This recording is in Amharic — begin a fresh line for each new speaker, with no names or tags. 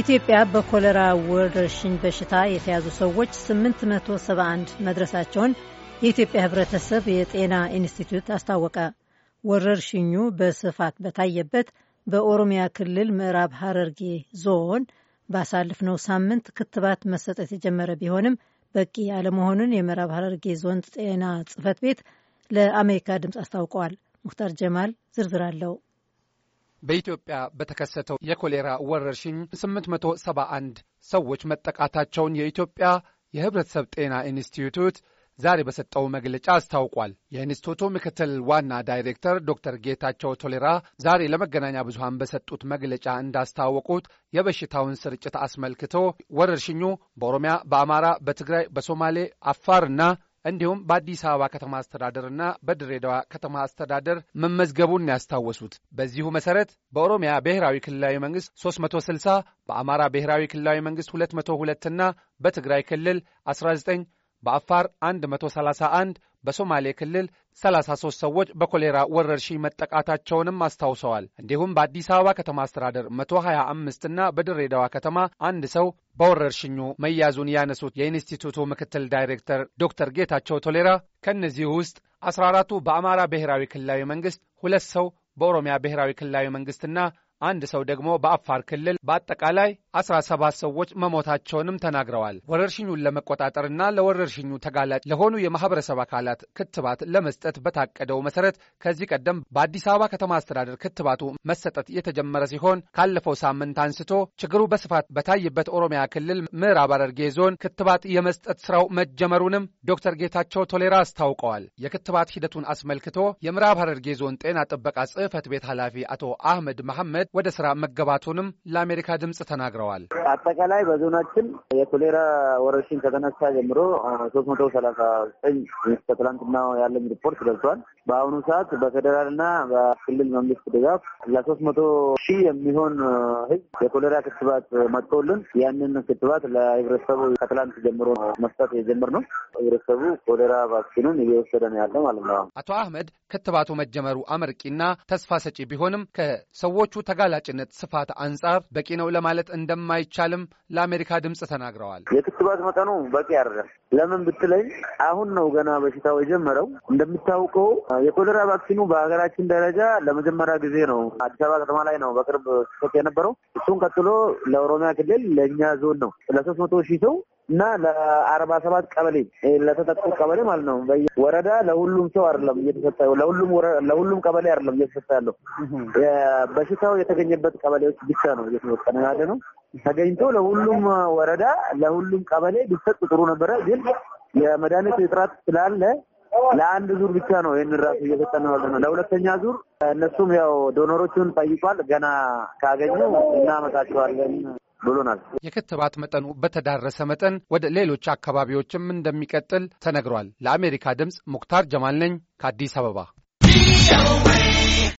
ኢትዮጵያ በኮለራ ወረርሽኝ በሽታ የተያዙ ሰዎች 871 መድረሳቸውን የኢትዮጵያ ሕብረተሰብ የጤና ኢንስቲትዩት አስታወቀ። ወረርሽኙ በስፋት በታየበት በኦሮሚያ ክልል ምዕራብ ሐረርጌ ዞን ባሳለፍነው ሳምንት ክትባት መሰጠት የጀመረ ቢሆንም በቂ ያለመሆኑን የምዕራብ ሐረርጌ ዞን ጤና ጽሕፈት ቤት ለአሜሪካ ድምፅ አስታውቀዋል። ሙክታር ጀማል ዝርዝር አለው።
በኢትዮጵያ በተከሰተው የኮሌራ ወረርሽኝ 871 ሰዎች መጠቃታቸውን የኢትዮጵያ የሕብረተሰብ ጤና ኢንስቲትዩት ዛሬ በሰጠው መግለጫ አስታውቋል። የኢንስቲትዩቱ ምክትል ዋና ዳይሬክተር ዶክተር ጌታቸው ቶሌራ ዛሬ ለመገናኛ ብዙሃን በሰጡት መግለጫ እንዳስታወቁት የበሽታውን ስርጭት አስመልክቶ ወረርሽኙ በኦሮሚያ፣ በአማራ፣ በትግራይ፣ በሶማሌ፣ አፋርና እንዲሁም በአዲስ አበባ ከተማ አስተዳደርና በድሬዳዋ ከተማ አስተዳደር መመዝገቡን ያስታወሱት በዚሁ መሰረት በኦሮሚያ ብሔራዊ ክልላዊ መንግስት 360 በአማራ ብሔራዊ ክልላዊ መንግስት 202 እና በትግራይ ክልል 19 በአፋር 131 በሶማሌ ክልል 33 ሰዎች በኮሌራ ወረርሽኝ መጠቃታቸውንም አስታውሰዋል። እንዲሁም በአዲስ አበባ ከተማ አስተዳደር 125 እና በድሬዳዋ ከተማ አንድ ሰው በወረርሽኙ መያዙን ያነሱት የኢንስቲቱቱ ምክትል ዳይሬክተር ዶክተር ጌታቸው ቶሌራ ከእነዚህ ውስጥ 14ቱ በአማራ ብሔራዊ ክልላዊ መንግሥት፣ ሁለት ሰው በኦሮሚያ ብሔራዊ ክልላዊ መንግሥትና አንድ ሰው ደግሞ በአፋር ክልል በአጠቃላይ 17 ሰዎች መሞታቸውንም ተናግረዋል። ወረርሽኙን ለመቆጣጠርና ለወረርሽኙ ተጋላጭ ለሆኑ የማህበረሰብ አካላት ክትባት ለመስጠት በታቀደው መሰረት ከዚህ ቀደም በአዲስ አበባ ከተማ አስተዳደር ክትባቱ መሰጠት የተጀመረ ሲሆን ካለፈው ሳምንት አንስቶ ችግሩ በስፋት በታየበት ኦሮሚያ ክልል ምዕራብ ሐረርጌ ዞን ክትባት የመስጠት ስራው መጀመሩንም ዶክተር ጌታቸው ቶሌራ አስታውቀዋል። የክትባት ሂደቱን አስመልክቶ የምዕራብ ሐረርጌ ዞን ጤና ጥበቃ ጽሕፈት ቤት ኃላፊ አቶ አህመድ መሐመድ ወደ ስራ መገባቱንም ለአሜሪካ ድምፅ ተናግረዋል።
አጠቃላይ በዞናችን የኮሌራ ወረርሽኝ ከተነሳ ጀምሮ ሶስት መቶ ሰላሳ ዘጠኝ ከትላንትና ያለኝ ሪፖርት ደርሷል። በአሁኑ ሰዓት በፌዴራልና በክልል መንግስት ድጋፍ ለሶስት መቶ ሺህ የሚሆን ህዝብ የኮሌራ ክትባት መጥቶልን ያንን ክትባት ለህብረተሰቡ ከትላንት ጀምሮ መስጠት የጀምር ነው። ህብረተሰቡ ኮሌራ ቫክሲኑን እየወሰደ ነው ያለ ማለት ነው።
አቶ አህመድ ክትባቱ መጀመሩ አመርቂና ተስፋ ሰጪ ቢሆንም ከሰዎቹ ተጋ ከተጋላጭነት ስፋት አንጻር በቂ ነው ለማለት እንደማይቻልም ለአሜሪካ ድምፅ ተናግረዋል።
የክትባት መጠኑ በቂ አይደለም። ለምን ብትለኝ አሁን ነው ገና በሽታው የጀመረው። እንደሚታወቀው የኮሌራ ቫክሲኑ በሀገራችን ደረጃ ለመጀመሪያ ጊዜ ነው አዲስ አበባ ከተማ ላይ ነው በቅርብ ሲሰጥ የነበረው። እሱን ቀጥሎ ለኦሮሚያ ክልል ለእኛ ዞን ነው ለሶስት መቶ ሺህ ሰው እና ለአርባ ሰባት ቀበሌ ለተጠቁ ቀበሌ ማለት ነው። ወረዳ ለሁሉም ሰው አይደለም እየተሰጠ ለሁሉም ለሁሉም ቀበሌ አይደለም እየተሰጠ ያለው በሽታው የተገኘበት ቀበሌዎች ብቻ ነው እየተወጠነ ያለ ነው። ተገኝቶ ለሁሉም ወረዳ ለሁሉም ቀበሌ ቢሰጥ ጥሩ ነበረ ግን የመድኃኒት እጥረት ስላለ ለአንድ ዙር ብቻ ነው ይህን ራሱ እየሰጠን ያለ ነው። ለሁለተኛ ዙር እነሱም ያው ዶኖሮቹን ጠይቋል። ገና ካገኙ እናመጣቸዋለን ብሎናል።
የክትባት መጠኑ በተዳረሰ መጠን ወደ ሌሎች አካባቢዎችም እንደሚቀጥል ተነግሯል። ለአሜሪካ ድምፅ ሙክታር ጀማል ነኝ ከአዲስ አበባ።